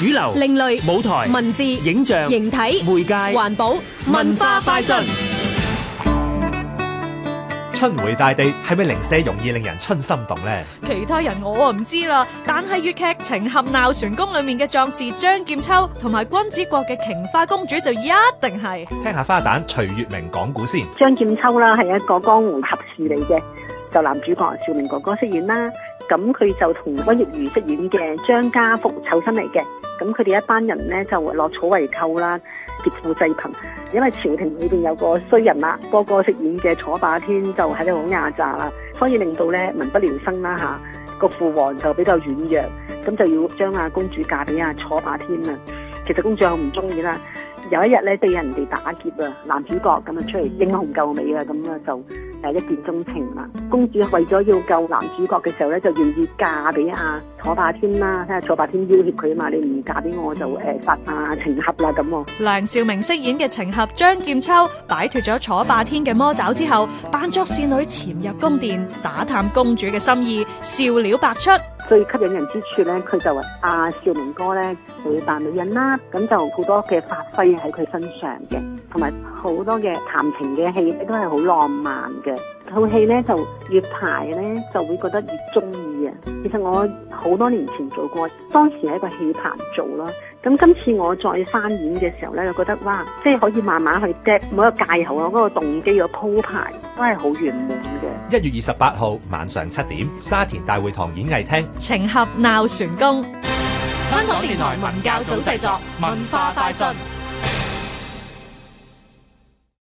主流、另類、舞台、文字、影像、形體、媒介、環保、文化快訊。春回大地，係咪零舍容易令人春心動呢？其他人我唔知啦，但係粵劇情《俠鬧璇宮》裏面嘅壯士張劍秋同埋君子國嘅瓊花公主就一定係。聽下花旦徐月明講古先。張劍秋啦，係一個江湖俠士嚟嘅，就男主角少明哥哥飾演啦。咁佢就同溫玉如飾演嘅張家福湊身嚟嘅，咁佢哋一班人咧就落草為寇啦，劫富濟貧。因為朝廷裏面有個衰人啦，個個飾演嘅楚霸天就喺度好壓榨啦，所以令到咧民不聊生啦嚇。個、啊、父王就比較軟弱，咁就要將阿公主嫁俾阿楚霸天啦。其實公主好唔中意啦。有一日咧，俾人哋打劫啊，男主角咁啊出嚟英雄救美啊，咁啊就。誒，一見鐘情啦！公主為咗要救男主角嘅時候咧，就願意嫁俾阿楚霸天啦。睇下楚霸天要挾佢啊嘛，你唔嫁俾我就誒殺啊程合啦咁喎。梁兆明飾演嘅程合張劍秋擺脱咗楚霸天嘅魔爪之後，扮作侍女潛入宮殿打探公主嘅心意，笑料百出。最吸引人之處咧，佢就話阿、啊、少明哥咧，就會扮女人啦，咁就好多嘅發揮喺佢身上嘅，同埋好多嘅談情嘅戲都係好浪漫嘅，套戲咧就越排咧就會覺得越中意。其實我好多年前做過，當時係一個戲棚做啦。咁今次我再翻演嘅時候咧，就覺得哇，即係可以慢慢去 get 每一個介口啊，嗰個動機個鋪排都係好圓滿嘅。一月二十八號晚上七點，沙田大會堂演藝廳《情俠鬧璇宮》。香港電台文教組製作，文化快訊。